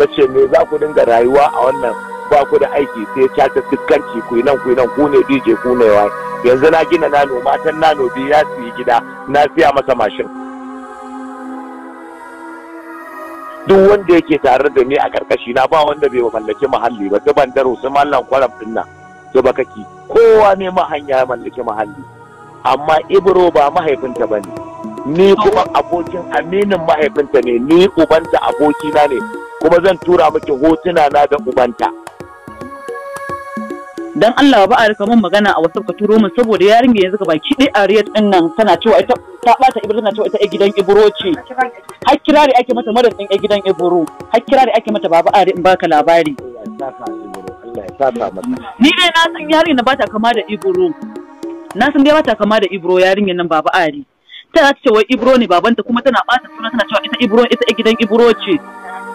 na ce me za ku dinga rayuwa a wannan ba ku da aiki sai ya ta fuskanci ku nan ku nan ku ne dije ku ne wai yanzu na gina nano matan nano biyu ya siyi gida na siya masa mashin duk wanda yake tare da ni a karkashi na ba wanda bai mallaki muhalli ba su bandaro su mallan kwaram din nan su ki? kowa ne mahanya mallaki muhalli amma ibro ba mahaifinta ba ne ni kuma abokin aminin mahaifinta ne ni ubanta abokina ne kuma zan tura miki hotuna na da ubanta dan Allah ba a rika min magana a wasu ka turo min saboda yarinya yanzu ga baki dai riyat din nan tana cewa ita ta bata Ibro tana cewa ita ai gidan Ibro ce har kirari ake mata madad din gidan Ibro har kirari ake mata baba Ari in baka labari ni dai na san yarinya na bata kama da Ibro na san dai bata kama da Ibro yarinya nan baba Ari tana wai ibro ne babanta kuma tana ɓata suna tana cewa ita ibro ita gidan ibro ce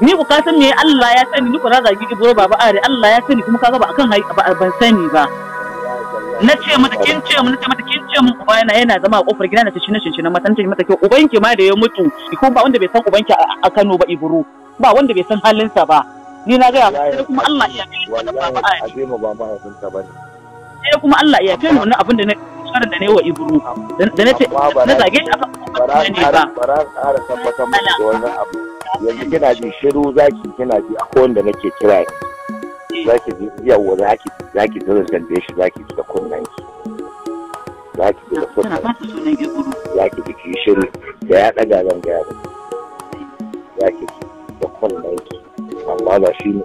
ni ku ka san me Allah ya sani ni ku na zagi ibro baba are Allah ya sani kuma kaga ba akan ban sani ba na ce mata kin ce mun ce mata kin ce mun uba yana yana zama a kofar gida na ce shine shinshina mata ce mata ke ubanki ma da ya mutu ko ba wanda bai san ubanki a Kano ba ibro ba wanda bai san halinsa ba ni na ga ya kuma Allah ya kai wannan baba are sai kuma Allah ya kai wannan abin da na karin da ne wa ibru da na ce na zage a ne ba bara tabbatar miki da wannan abu yanzu kina ji shiru zaki kina ji akwai kira eh. zaki ji yawa zaki zaki zan shi zaki ji da kunnanki zaki ji ki shiru da ya daga zan ga ji da amma shi ne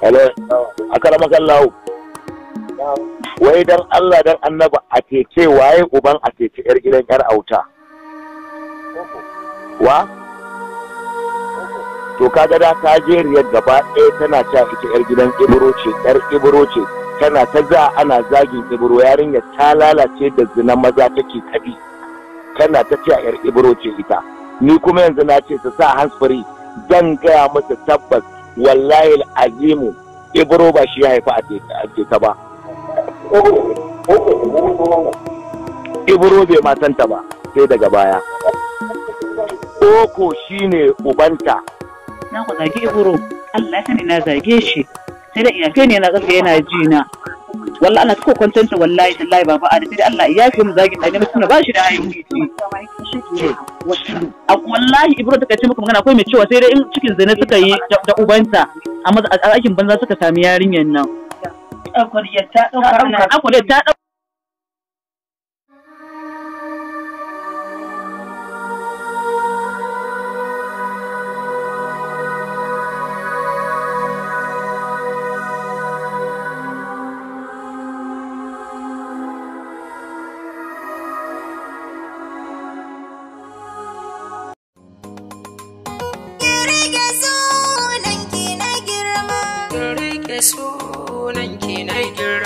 hello akara makallahu wai dan Allah dan annaba a tece waye uban a tece yar gidan yar auta wa to kaga da ta jeriyar gaba ɗaya tana cewa ita yar gidan ibro ce yar ibro ce tana ta za ana zagin ibro yarinya ta lalace da zina maza take kadi tana ta cewa yar ibro ce ita ni kuma yanzu na ce ta sa hands free zan gaya masa tabbas wallahi azimu ibro ba shi ya haifa a ta ba ibro bai matanta ba sai daga baya shi ne ubanta na ku zage ibro Allah sani na zage shi sai da iyakai ne na gaske yana ji na wallahi ana suka kwantanta wallahi tallahi ba a da Allah ya fi mu zagin da mutum ba shi da A wallahi ibro ta kace muku magana akwai mai cewa sai dai in cikin zane suka yi da ubanta a aikin banza suka sami yarinyar nan kwariyar ta ɗauka. Akwai take your